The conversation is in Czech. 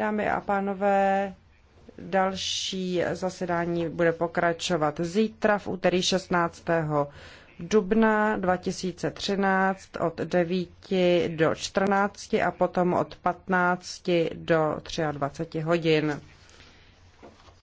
Dámy a pánové, další zasedání bude pokračovat zítra v úterý 16. dubna 2013 od 9 do 14 a potom od 15 do 23 hodin.